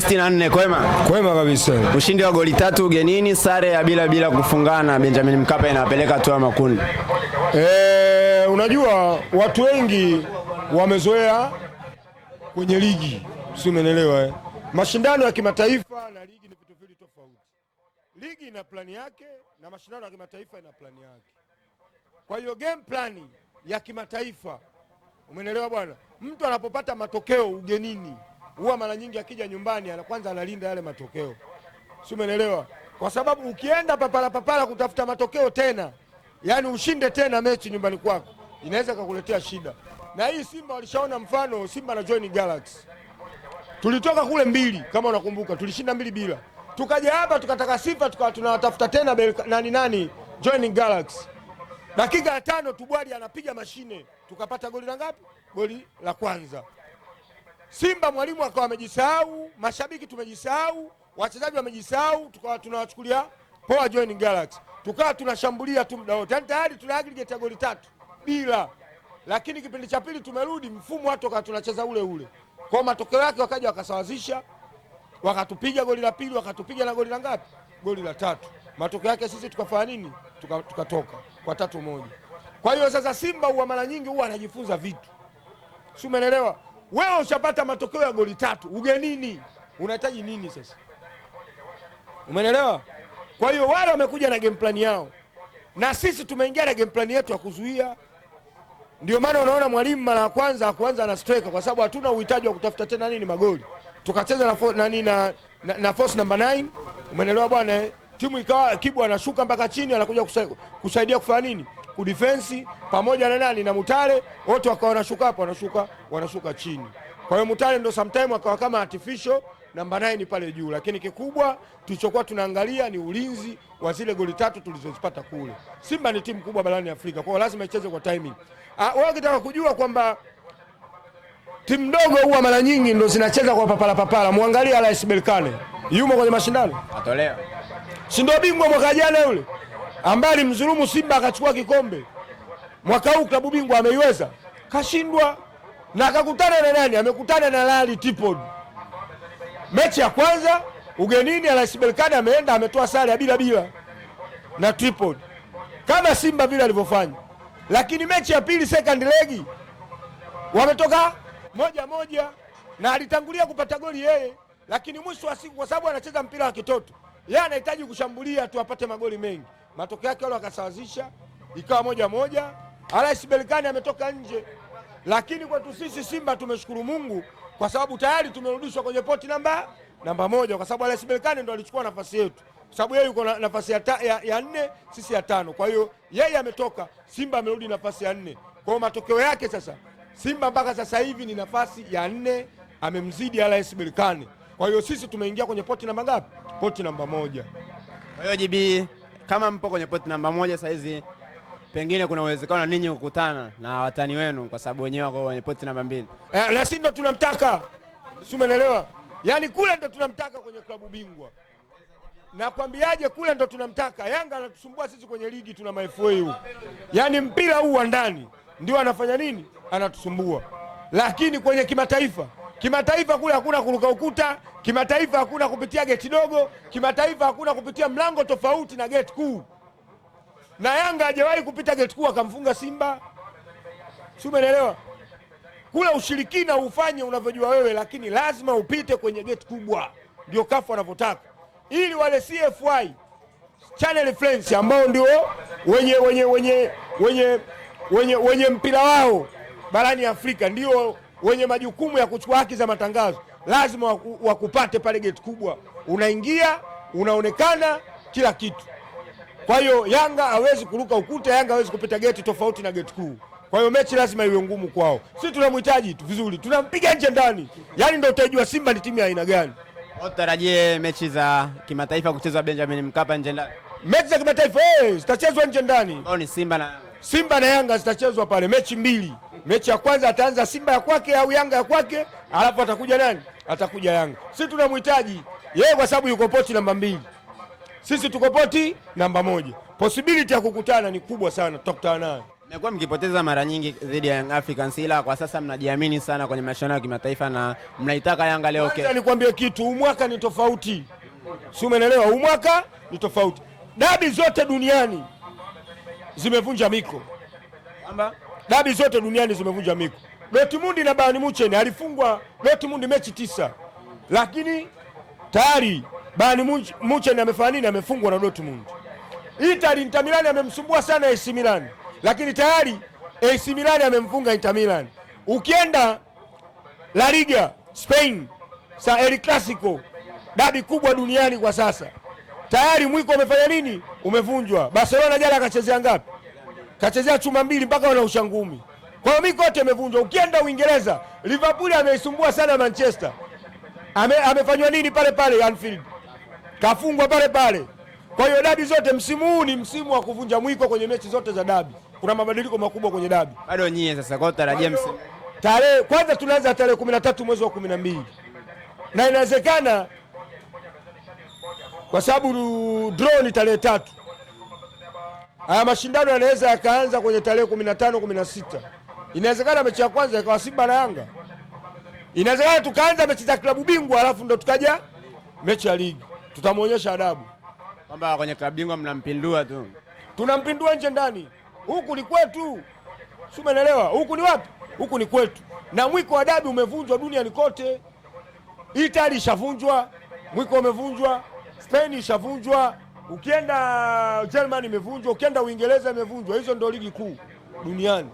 64 kwema? Kwema kabisa. Ushindi wa goli tatu ugenini, sare ya bila bila kufungana Benjamin Mkapa inawapeleka hatua ya makundi. E, unajua watu wengi wamezoea kwenye ligi, si umeelewa eh? Mashindano ya kimataifa na ligi ni vitu viwili tofauti. Ligi ina plani yake na mashindano ya kimataifa ina plani yake. Kwa hiyo game plan ya kimataifa, umeelewa bwana, mtu anapopata matokeo ugenini huwa mara nyingi akija nyumbani ana kwanza analinda yale matokeo, si umeelewa? Kwa sababu ukienda papala papala kutafuta matokeo tena, yani ushinde tena mechi nyumbani kwako, inaweza kukuletea shida. Na hii Simba walishaona mfano, Simba na join Galaxy tulitoka kule mbili, kama unakumbuka, tulishinda mbili bila, tukaja hapa tukataka sifa, tukawa tunawatafuta tena nani nani, join Galaxy dakika ya tano Tubwali anapiga mashine, tukapata goli la ngapi? Goli la kwanza. Simba mwalimu akawa amejisahau, mashabiki tumejisahau, wachezaji wamejisahau, tukawa tunawachukulia poa Joining Galaxy, tukawa tunashambulia tu muda wote, yaani tayari tuna aggregate ya goli tatu bila. Lakini kipindi cha pili tumerudi mfumo watu wakawa tunacheza ule ule, kwa matokeo yake wakaja wakasawazisha, wakatupiga goli la pili, wakatupiga na goli la ngapi? Goli la tatu. Matokeo yake sisi tukafanya nini? Tukatoka tuka kwa tatu moja. Kwa hiyo sasa Simba huwa mara nyingi huwa anajifunza vitu, si umeelewa? Wewe ushapata matokeo ya goli tatu ugenini, unahitaji nini sasa? Umeelewa? Kwa hiyo wale wamekuja na game plan yao na sisi tumeingia na game plan yetu ya kuzuia. Ndio maana unaona mwalimu mara ya kwanza akuanza na striker, kwa sababu hatuna uhitaji wa kutafuta tena nini magoli, tukacheza na nani na, na, na force number 9. Umeelewa bwana? Eh? Timu ikawa kibwa anashuka mpaka chini, anakuja kusaidia kufanya nini kudifensi pamoja na nani na Mutale, wote wakawa wanashuka hapo, wanashuka wanashuka chini. Kwa hiyo Mutale ndo sometime akawa kama artificial namba ni pale juu, lakini kikubwa tulichokuwa tunaangalia ni ulinzi wa zile goli tatu tulizozipata kule. Simba ni timu kubwa barani Afrika, kwa hiyo lazima icheze kwa timing. Ah, wewe ukitaka kujua kwamba timu ndogo huwa mara nyingi ndo zinacheza kwa papala papala, muangalie RS Berkane, yumo kwenye mashindano, atolewa si ndio bingwa mwaka jana yule ambaye alimdhulumu Simba akachukua kikombe mwaka huu klabu bingwa ameiweza, kashindwa na akakutana na nani? Amekutana na Lali Tipod Mechi ya kwanza ugenini, RS Berkane ameenda ametoa sare ya bila bila na Tripod kama Simba vile alivyofanya, lakini mechi ya pili second leg wametoka moja moja, na alitangulia kupata goli yeye, lakini mwisho wa siku, kwa sababu anacheza mpira wa kitoto, yeye anahitaji kushambulia tu apate magoli mengi. Matokeo yake wale wakasawazisha, ikawa moja moja. Rais Berkane ametoka nje, lakini kwetu sisi Simba tumeshukuru Mungu kwa sababu tayari tumerudishwa kwenye poti namba namba moja, kwa sababu Rais Berkane ndo alichukua nafasi yetu, kwa sababu yeye yuko na nafasi ya, ya, ya nne, sisi ya tano. Kwa hiyo yeye ametoka, Simba amerudi nafasi ya nne. Kwa hiyo matokeo yake sasa Simba mpaka sasa hivi ni nafasi ya nne, amemzidi Rais Berkane. Kwa hiyo sisi tumeingia kwenye poti namba ngapi? Poti namba moja. Kwa hiyo kama mpo kwenye poti namba moja saizi, pengine kuna uwezekano ninyi kukutana na watani wenu, kwa sababu wenyewe wako kwenye poti namba mbili. Eh, na sisi ndo tunamtaka, si umeelewa? Yaani kule ndo tunamtaka kwenye klabu bingwa, nakwambiaje? Kule ndo tunamtaka. Yanga anatusumbua sisi kwenye ligi, tuna mafua huko, yaani mpira huu wa ndani ndio anafanya nini, anatusumbua, lakini kwenye kimataifa Kimataifa kule hakuna kuruka ukuta, kimataifa hakuna kupitia geti dogo, kimataifa hakuna kupitia mlango tofauti na geti kuu. Na Yanga hajawahi kupita geti kuu akamfunga Simba, si umeelewa? Kule ushirikina ufanye unavyojua wewe, lakini lazima upite kwenye geti kubwa, ndio kafu wanavyotaka, ili wale CFY Channel Friends ambao ndio wenye wenye wenye wenye wenye wenye mpira wao barani Afrika ndio wenye majukumu ya kuchukua haki za matangazo lazima wakupate pale geti kubwa, unaingia unaonekana kila kitu. Kwa hiyo Yanga hawezi kuruka ukuta, Yanga hawezi kupita geti tofauti na geti kuu. Kwa hiyo mechi lazima iwe ngumu kwao. Sisi tunamhitaji tu vizuri, tunampiga nje ndani, yaani ndio utajua Simba ni timu ya aina gani. Tarajie mechi za kimataifa kuchezwa Benjamin Mkapa nje ndani. Mechi za kimataifa eh, zitachezwa nje ndani. Ni Simba na Simba na Yanga zitachezwa pale mechi mbili mechi ya kwanza ataanza Simba ya kwake au Yanga ya kwake, alafu atakuja nani? Atakuja Yanga. Sisi tunamhitaji yeye kwa sababu yuko poti namba mbili, sisi tuko poti namba moja. Possibility ya kukutana ni kubwa sana, tutakutana naye. Mmekuwa mkipoteza mara nyingi dhidi ya Young Africans, ila kwa sasa mnajiamini sana kwenye mashindano ya kimataifa na mnaitaka Yanga leo. Okay, nikwambie kitu, umwaka ni tofauti, si umeelewa? Umwaka ni tofauti. Dabi zote duniani zimevunja miko kwamba dabi zote duniani zimevunja miko. Dortmund na Bayern Munich alifungwa Dortmund mechi tisa, lakini tayari Bayern Munich amefanya nini? Amefungwa na Dortmund. Inter Inter Milan amemsumbua sana AC Milan, lakini tayari AC Milan amemfunga Inter Milan. Ukienda La Liga Spain, sa El Clasico, dabi kubwa duniani kwa sasa, tayari mwiko umefanya nini? Umevunjwa. Barcelona jana akachezea ngapi? kachezea chuma mbili mpaka wana ushangumi. Kwa hiyo miko yote imevunjwa. Ukienda Uingereza, Liverpool ameisumbua sana Manchester. Ame, amefanywa nini pale pale Anfield? Kafungwa pale pale. Kwa hiyo dabi zote msimu huu ni msimu wa kuvunja mwiko kwenye mechi zote za dabi. Kuna mabadiliko makubwa kwenye dabi. Bado nyie sasa kwa tarajia msimu. Tarehe kwanza tunaanza tarehe 13 mwezi wa 12. Na inawezekana kwa sababu draw ni tarehe tatu Haya mashindano yanaweza yakaanza kwenye tarehe 15, 16. Inawezekana mechi ya kwanza ikawa Simba na Yanga. Inawezekana tukaanza mechi za klabu bingwa alafu ndo tukaja mechi ya ligi. Tutamwonyesha adabu kwamba kwenye klabu bingwa mnampindua tu. Tunampindua nje ndani. Huku ni kwetu. Si umeelewa? Huku ni wapi? Huku ni kwetu. Na mwiko wa dabi umevunjwa duniani kote. Italy ishavunjwa, mwiko umevunjwa, Spain ishavunjwa, Ukienda Germany imevunjwa, ukienda Uingereza imevunjwa. Hizo ndio ligi kuu duniani.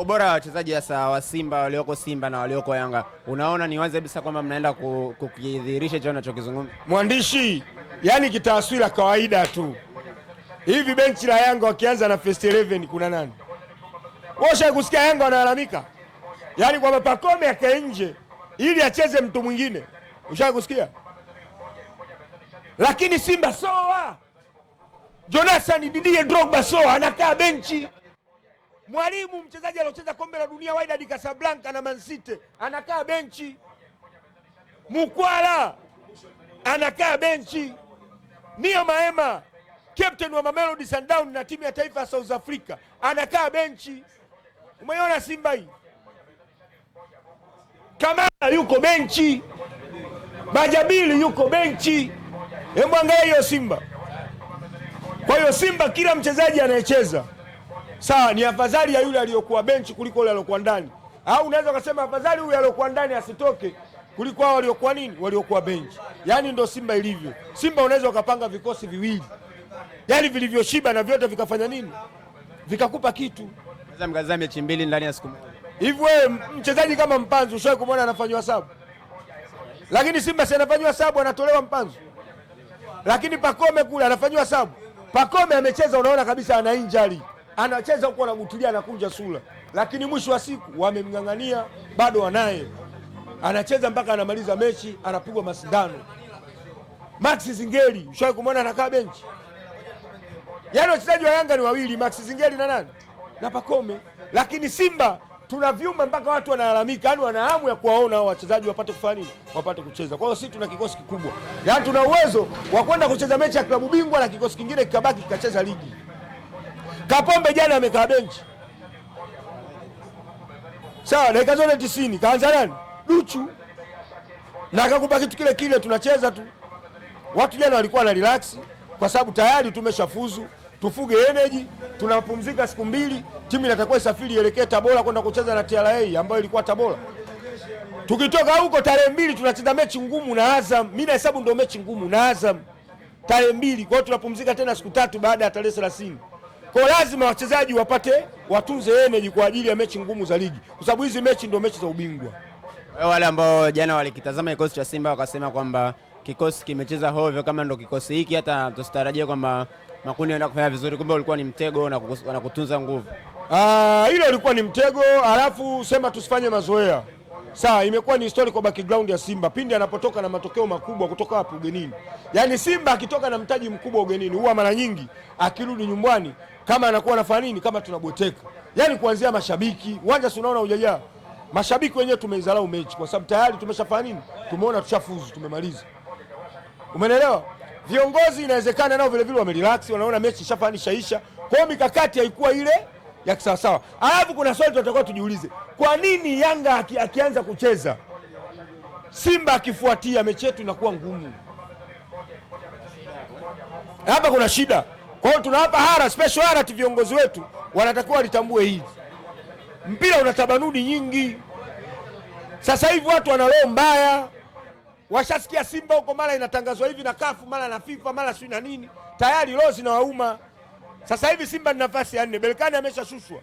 Ubora wa wachezaji hasa wa Simba walioko Simba na walioko Yanga, unaona ni wazi kabisa kwamba mnaenda kukidhihirisha hicho nachokizungumza mwandishi, Yani kitaswira kawaida tu hivi. Benchi la Yanga wakianza na first 11 kuna nani? Wosha kusikia Yanga wanalalamika yani kwamba Pacome akae nje ili acheze mtu mwingine, ushakusikia? Lakini Simba soa Jonathan Didier Drogba so anakaa benchi. Mwalimu mchezaji aliocheza kombe la dunia Wydad Casablanca na Man City anakaa benchi. Mukwala anakaa benchi. Nia Maema captain wa Mamelodi Sundowns na timu ya taifa ya South Africa anakaa benchi. Umeona Simba hii? Kamara yuko benchi, Bajabili yuko benchi. Hebu angalia hiyo Simba. Kwa hiyo Simba kila mchezaji anayecheza sawa ni afadhali ya yule aliyokuwa benchi kuliko yule aliyokuwa ndani, au unaweza ukasema afadhali huyu aliyokuwa ndani asitoke kuliko hao waliokuwa nini, waliokuwa benchi. Yaani ndio Simba ilivyo. Simba unaweza ukapanga vikosi viwili, yaani vilivyoshiba na vyote vikafanya nini, vikakupa kitu. Naweza mkazaa mechi mbili ndani ya siku moja hivi. Wewe mchezaji kama Mpanzu ushawahi kumwona anafanywa sabu? Lakini Simba si anafanywa sabu, anatolewa Mpanzu. Lakini Pakome kule anafanywa sabu pakome amecheza, unaona kabisa ana injury, anacheza huko anagutulia, anakunja sura, lakini mwisho wa siku wamemng'ang'ania, bado wanaye, anacheza mpaka anamaliza mechi, anapigwa masindano. Max Zingeli, ushawahi kumwona anakaa benchi? Yaani wachezaji wa Yanga ni wawili, Max Zingeli na nani na pakome lakini Simba tuna vyuma mpaka watu wanalalamika, yani wana hamu ya kuwaona hao wachezaji wapate kufanya nini, wapate kucheza. Kwa hiyo sisi tuna kikosi kikubwa, yani tuna uwezo wa kwenda kucheza mechi ya klabu bingwa na kikosi kingine kikabaki kikacheza ligi. Kapombe jana amekaa benchi, sawa, dakika zote tisini. Kaanza nani? Duchu, na akakupa kitu kile kile, tunacheza tu. Watu jana walikuwa na relax kwa sababu tayari tumeshafuzu tufuge energy, tunapumzika siku mbili, timu inatakiwa isafiri ielekee Tabora kwenda kucheza na TRA ambayo ilikuwa Tabora. Tukitoka huko tarehe mbili tunacheza mechi ngumu na Azam. Mimi nahesabu ndio mechi ngumu na Azam tarehe mbili. Kwa hiyo tunapumzika tena siku tatu baada ya tarehe 30. Kwa lazima wachezaji wapate watunze energy kwa ajili ya mechi ngumu za ligi, kwa sababu hizi mechi ndio mechi za ubingwa. Wale ambao jana walikitazama kikosi cha Simba wakasema kwamba kikosi kimecheza hovyo, kama ndo kikosi hiki, hata tusitarajie kwamba makundi yanaenda kufanya vizuri, kumbe ulikuwa ni mtego na kutunza nguvu. Ah, hilo ilikuwa ni mtego, alafu sema tusifanye mazoea. Sawa, imekuwa ni historical background ya Simba pindi anapotoka na matokeo makubwa kutoka hapo ugenini. Yaani Simba akitoka na mtaji mkubwa ugenini, huwa mara nyingi akirudi nyumbani kama anakuwa anafanya nini, kama tunabweteka. Yaani kuanzia mashabiki, uwanja si unaona hujajaa. Mashabiki wenyewe tumeidharau mechi kwa sababu tayari tumeshafanya nini? Tumeona tushafuzu, tumemaliza. Umeelewa? viongozi inawezekana nao vilevile wamerelax, wanaona mechi shaisha. Kwa hiyo mikakati haikuwa ile ya kisawasawa. Alafu kuna swali tunatakiwa tujiulize, kwa nini Yanga aki, akianza kucheza Simba akifuatia mechi yetu inakuwa ngumu? Hapa kuna shida. Kwa hiyo tunawapa hara special hara tu, viongozi wetu wanatakiwa walitambue hili, mpira una tabanudi nyingi. Sasa hivi watu wana roho mbaya. Washasikia Simba huko mara inatangazwa hivi na kafu mara na FIFA mara sijui na nini, tayari roho zinawauma. Sasa hivi Simba ni nafasi ya nne, Berkane ameshashushwa,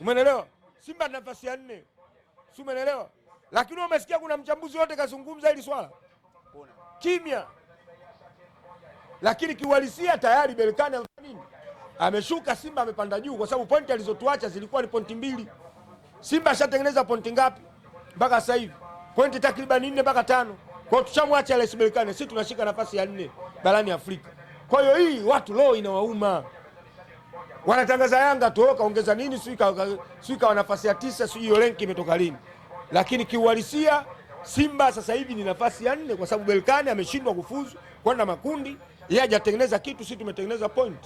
umeelewa? Simba ni nafasi ya nne, si umeelewa? Lakini umesikia kuna mchambuzi wote kazungumza hili swala kimya, lakini kiuhalisia tayari Berkane nini ameshuka, Simba amepanda juu, kwa sababu pointi alizotuacha zilikuwa ni pointi mbili. Simba ashatengeneza pointi ngapi mpaka sasa hivi? Pointi takriban nne mpaka tano. Kwa hiyo tushamwacha RS Berkane, sisi tunashika nafasi ya nne barani Afrika. Kwa hiyo hii watu roho inawauma, wanatangaza Yanga tu kaongeza nini, sijui kawa nafasi ya tisa, sijui hiyo renki imetoka lini, lakini kiuhalisia Simba sasa hivi ni nafasi ya nne kwa sababu Berkane ameshindwa kufuzu kwenda makundi, yeye hajatengeneza kitu, sisi tumetengeneza point,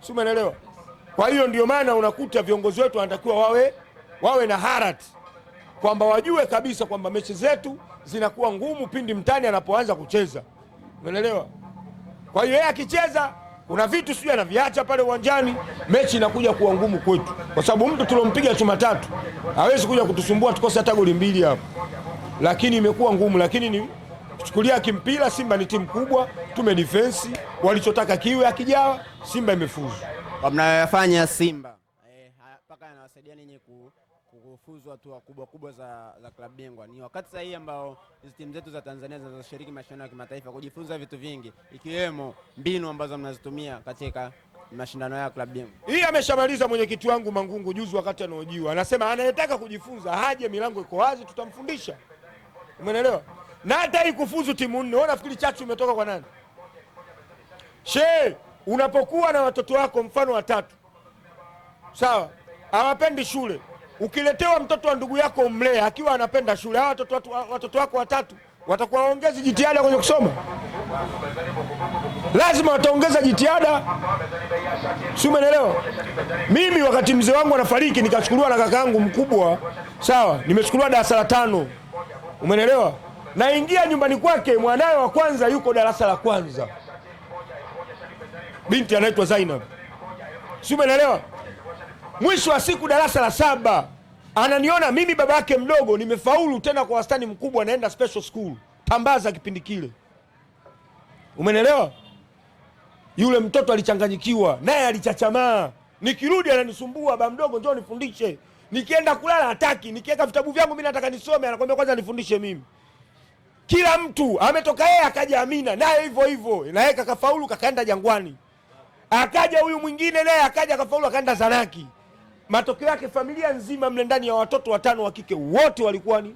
si umeelewa? Kwa hiyo ndio maana unakuta viongozi wetu wanatakiwa wawe wawe na harat kwamba wajue kabisa kwamba mechi zetu zinakuwa ngumu pindi mtani anapoanza kucheza, umeelewa? Kwa hiyo yeye akicheza kuna vitu sijui anaviacha pale uwanjani, mechi inakuja kuwa ngumu kwetu, kwa sababu mtu tulompiga chuma tatu hawezi kuja kutusumbua tukose hata goli mbili hapo, lakini imekuwa ngumu. Lakini ni chukulia kimpira, Simba ni timu kubwa, tume defense walichotaka kiwe, akijawa Simba imefuzu. Kwa mnayoyafanya Simba eh, mpaka eh, anawasaidia ninyi ku kufuzu hatua kubwa kubwa za, za klabu bingwa. Ni wakati sahihi ambao hizi timu zetu za Tanzania zinazoshiriki mashindano ya kimataifa kujifunza vitu vingi, ikiwemo mbinu ambazo mnazitumia katika mashindano ya klabu bingwa. Hii ameshamaliza mwenyekiti wangu Mangungu juzi, wakati anaojiwa anasema anayetaka kujifunza haje, milango iko wazi, tutamfundisha. Umeelewa? na hata ikufuzu timu nne. Wewe nafikiri chachu umetoka kwa nani? She, unapokuwa na watoto wako mfano watatu, sawa, hawapendi shule Ukiletewa mtoto wa ndugu yako mlee akiwa anapenda shule, hawa watoto, watoto wako watatu watakuwa waongezi jitihada kwenye kusoma? Lazima wataongeza jitihada, si umeelewa? Mimi wakati mzee wangu anafariki nikachukuliwa na kaka yangu mkubwa, sawa, nimechukuliwa darasa la tano, umeelewa? Naingia nyumbani kwake, mwanawe wa kwanza yuko darasa la kwanza, binti anaitwa Zainab, si umeelewa? Mwisho wa siku darasa la saba ananiona mimi baba yake mdogo, nimefaulu tena kwa wastani mkubwa, naenda special school Tambaza kipindi kile, umenelewa? Yule mtoto alichanganyikiwa, naye alichachamaa. Nikirudi ananisumbua, baba mdogo, njoo nifundishe. Nikienda kulala hataki, nikiweka vitabu vyangu mimi nataka nisome, anakwambia kwanza nifundishe mimi. Kila mtu ametoka yeye, akaja Amina naye hivyo hivyo, na yeye kakafaulu, kakaenda Jangwani. Akaja huyu mwingine naye akaja akafaulu, akaenda Zanaki. Matokeo yake familia nzima mle ndani ya watoto watano wa kike wote walikuwa ni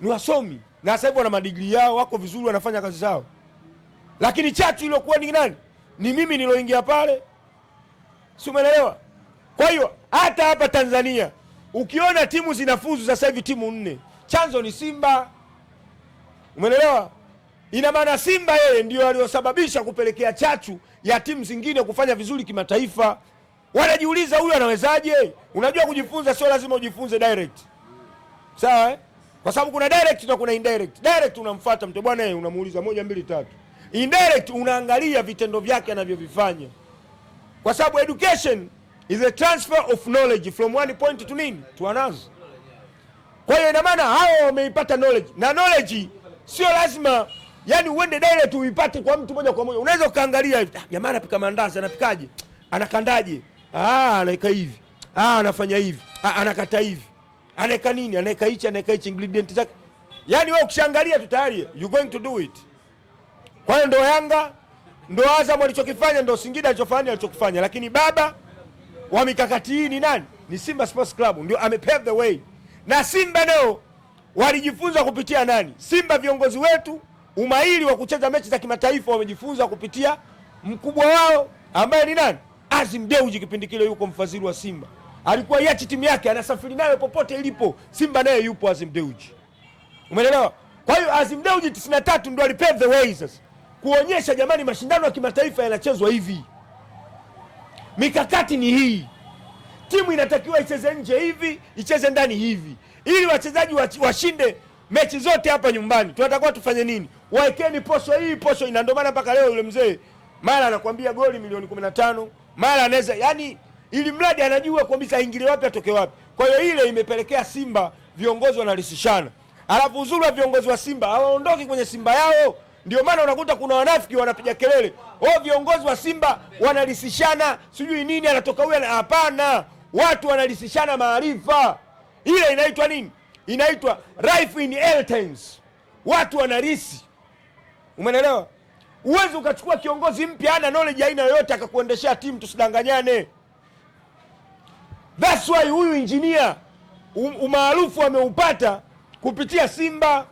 ni wasomi, na sasa hivi wana madigri yao, wako vizuri, wanafanya kazi zao, lakini chachu iliyokuwa ni nani? Ni mimi niloingia pale, si umeelewa? Kwa hiyo hata hapa Tanzania ukiona timu zinafuzu sasa hivi timu nne, chanzo ni Simba, umeelewa? Ina maana Simba yeye ndio aliyosababisha kupelekea chachu ya timu zingine kufanya vizuri kimataifa wanajiuliza huyu anawezaje? Unajua, kujifunza sio lazima ujifunze direct, sawa eh? Kwa sababu kuna direct na kuna indirect. Direct unamfuata mtu bwana, yeye eh, unamuuliza moja mbili tatu. Indirect unaangalia vitendo vyake anavyovifanya, kwa sababu education is a transfer of knowledge from one point to nini to another. Kwa hiyo ina maana hao wameipata knowledge na knowledge sio lazima yani uende direct uipate kwa mtu moja kwa moja. Unaweza ukaangalia ah, jamaa anapika mandazi, anapikaje? Anakandaje? ah, anaweka hivi ah, anafanya hivi ah, anakata hivi, anaweka nini, anaweka hichi, anaweka hichi ingredient zake, Yani wewe ukishangalia tu tayari you going to do it. Kwa hiyo ndo Yanga ndo Azam alichokifanya, ndo Singida alichofanya alichokifanya, lakini baba wa mikakati hii ni nani? Ni Simba Sports Club, ndio amepave the way, na Simba leo walijifunza kupitia nani? Simba viongozi wetu umahiri wa kucheza mechi za kimataifa wamejifunza kupitia mkubwa wao ambaye ni nani? Azim Deuji kipindi kile yuko mfadhili wa Simba, alikuwa yachi timu yake anasafiri nayo popote ilipo. Simba naye yupo Azim Deuji, umeelewa? Kwa hiyo Azim Deuji 93 ndo alipave the way sasa kuonyesha jamani, mashindano ya kimataifa yanachezwa hivi, mikakati ni hii, timu inatakiwa icheze nje hivi, icheze ndani hivi, ili wachezaji washinde mechi zote hapa nyumbani. Tunatakiwa tufanye nini? Waekeni posho hii, posho ina. Ndio maana mpaka leo yule mzee mara anakuambia goli milioni 15 mara anaweza yani, ili mradi anajua kabisa aingilie wapi atoke wapi. Kwa hiyo ile imepelekea Simba viongozi wanarisishana, alafu uzuri wa viongozi wa Simba hawaondoki kwenye Simba yao. Ndio maana unakuta kuna wanafiki wanapiga kelele, oh, viongozi wa Simba wanarisishana sijui nini, anatoka huyu. Hapana, watu wanarisishana maarifa. Ile inaitwa nini? Inaitwa rife in eltens, Watu wanarisi, umeelewa? Uwezi ukachukua kiongozi mpya ana knowledge aina yoyote akakuendeshea timu, tusidanganyane. That's why huyu injinia um-, umaarufu ameupata kupitia Simba.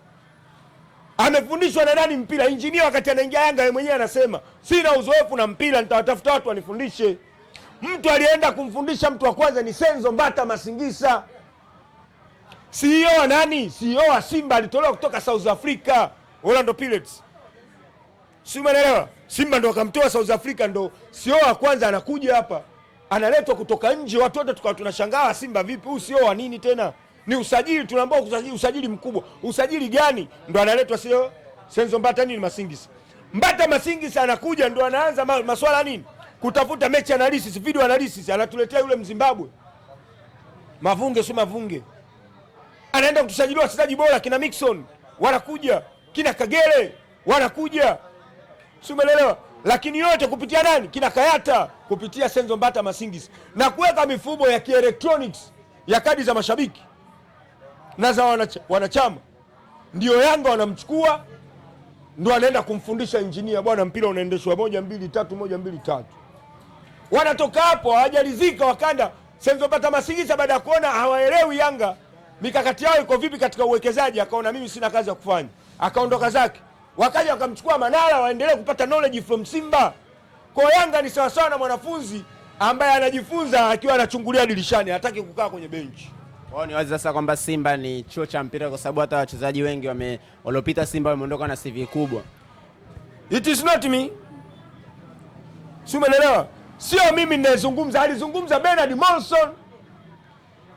Amefundishwa na nani mpira? Injinia wakati anaingia Yanga yeye mwenyewe anasema sina uzoefu na mpira, nitawatafuta watu wanifundishe. Mtu alienda kumfundisha mtu wa kwanza ni Senzo Mbata Masingisa, CEO wa nani? CEO wa Simba, alitolewa kutoka South Africa, Orlando Pirates si umeelewa? Simba ndo akamtoa South Africa, ndo sio wa kwanza anakuja hapa, analetwa kutoka nje. Watu wote tukawa tunashangaa, ah, Simba vipi, huu sio wa nini tena? Ni usajili tunaambiwa usajili, usajili mkubwa. Usajili gani? Ndo analetwa sio Senzo Mbata nini Masingis, Mbata Masingis anakuja, ndo anaanza maswala nini, kutafuta mechi analysis, video analysis, anatuletea yule Mzimbabwe Mavunge, sio Mavunge, anaenda kutusajiliwa wachezaji bora, kina Mixon wanakuja, kina Kagere wanakuja si umeelewa? Lakini yote kupitia nani? Kina Kayata kupitia Senzo Mbata Masingis na kuweka mifumo ya kielektroniki ya kadi za mashabiki na za wanachama, ndio Yanga wanamchukua ndo anaenda kumfundisha injinia, bwana, mpira unaendeshwa moja mbili tatu, moja mbili tatu. Wanatoka hapo hawajaridhika, wakanda Senzo Mbata Masingisa baada ya kuona hawaelewi Yanga mikakati yao iko vipi katika uwekezaji, akaona mimi sina kazi ya kufanya, akaondoka zake wakaja wakamchukua Manara waendelee kupata knowledge from Simba. Kwa Yanga ni sawasawa na mwanafunzi ambaye anajifunza akiwa anachungulia dirishani, hataki kukaa kwenye benchi. Kwao ni wazi sasa kwamba Simba ni chuo cha mpira, kwa sababu hata wachezaji wengi wame waliopita Simba wameondoka na CV kubwa. It is not me, si umeelewa? Sio mimi ninayezungumza, alizungumza Bernard Monson.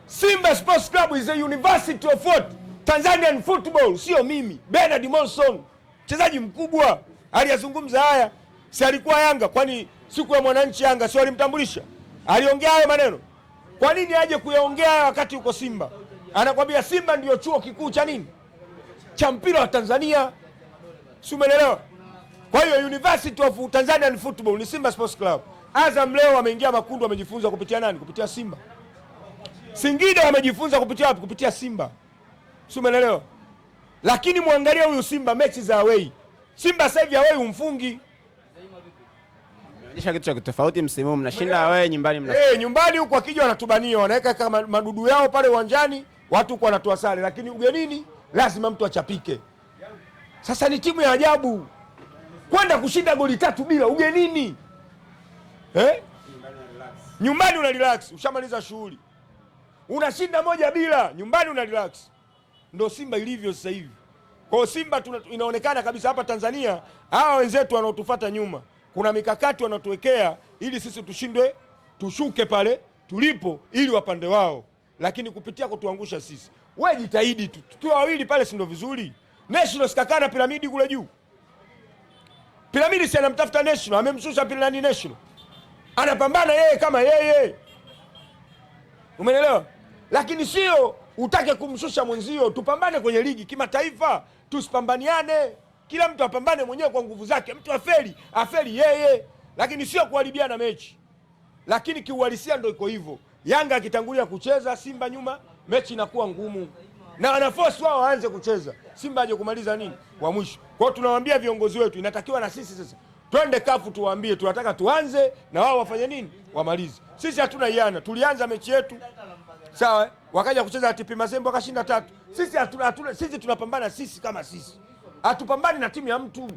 Simba Sports Club is a university of what? Tanzanian football, sio mimi Bernard Monson mchezaji mkubwa aliyazungumza haya, si alikuwa Yanga? Kwani siku ya mwananchi Yanga si alimtambulisha? Aliongea hayo maneno, kwa nini aje kuyaongea haya wakati uko Simba? Anakwambia Simba ndiyo chuo kikuu cha nini, cha mpira wa Tanzania, si umeelewa? Kwa hiyo University of Tanzanian Football ni Simba Sports Club. Azam leo wameingia makundi, wamejifunza kupitia nani? Kupitia Simba. Singida wamejifunza kupitia wapi? Kupitia Simba, si umeelewa? lakini mwangalia huyu Simba mechi za away. Simba sasa hivi away umfungi kitu cha tofauti msimu, mnashinda away nyumbani, mna eh, nyumbani huko akija wanatubania, wanaweka kama madudu yao pale uwanjani, watu huko wanatoa sare, lakini ugenini lazima mtu achapike. Sasa ni timu ya ajabu kwenda kushinda goli tatu bila ugenini eh? Nyumbani una relax, ushamaliza shughuli, unashinda moja bila, nyumbani una relax ndo Simba ilivyo sasa hivi. Kwa hiyo Simba tuna, inaonekana kabisa hapa Tanzania hawa wenzetu wanaotufuata nyuma kuna mikakati wanatuwekea ili sisi tushindwe tushuke pale tulipo ili wapande wao, lakini kupitia kutuangusha sisi. We jitahidi tu tukiwa wawili pale, si ndo vizuri? National sikakaa na piramidi kule juu. Piramidi si anamtafuta National, amemshusha piramidi National, anapambana yeye kama yeye, umeelewa? Lakini sio utake kumshusha mwenzio. Tupambane kwenye ligi kimataifa, tusipambaniane, kila mtu apambane mwenyewe kwa nguvu zake. Mtu afeli afeli yeye, lakini sio kuharibiana mechi. Lakini kiuhalisia ndo iko hivyo. Yanga akitangulia kucheza, Simba nyuma, mechi inakuwa ngumu na wanaforce wao waanze kucheza, Simba aje kumaliza nini wa mwisho. Kwa hiyo tunawaambia viongozi wetu, inatakiwa na sisi sasa twende kafu, tuwaambie tunataka tuanze na wao wafanye nini, wamalize. Sisi hatuna iana, tulianza mechi yetu sawa eh? wakaja kucheza TP Mazembe wakashinda tatu. Sisi hatuna hatuna, sisi tunapambana sisi kama sisi, hatupambani na timu ya mtu,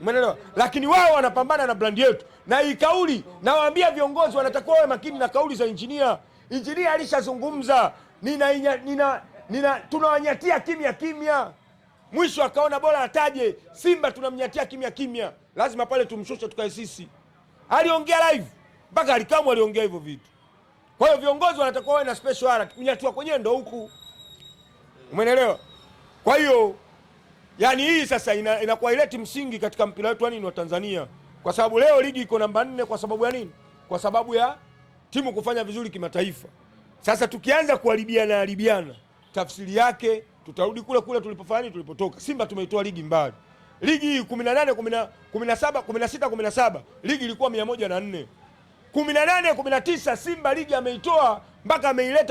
umeelewa? Lakini wao wanapambana na brand yetu, na hii kauli nawaambia viongozi wanatakiwa wawe makini na kauli za injinia. Injinia alishazungumza nina, nina, nina tunawanyatia kimya kimya, mwisho akaona bora ataje Simba, tunamnyatia kimya kimya, lazima pale tumshushe tukae sisi. Aliongea live mpaka alikamwe, aliongea hivyo vitu kwa hiyo viongozi wanatakiwa wawe na special alert, kunyatua kwenyewe ndo huku, umeelewa? Kwa hiyo yani hii sasa inakuwa ina ileti msingi katika mpira wetu wa nini wa Tanzania, kwa sababu leo ligi iko namba nne kwa sababu ya nini? Kwa sababu ya timu kufanya vizuri kimataifa. Sasa tukianza kuharibiana haribiana, tafsiri yake tutarudi kule kule tulipofanya tulipotoka. Simba tumeitoa ligi mbali, ligi 18 17 16 17 ligi ilikuwa 104. 18 19 Simba ligi ameitoa mpaka ameileta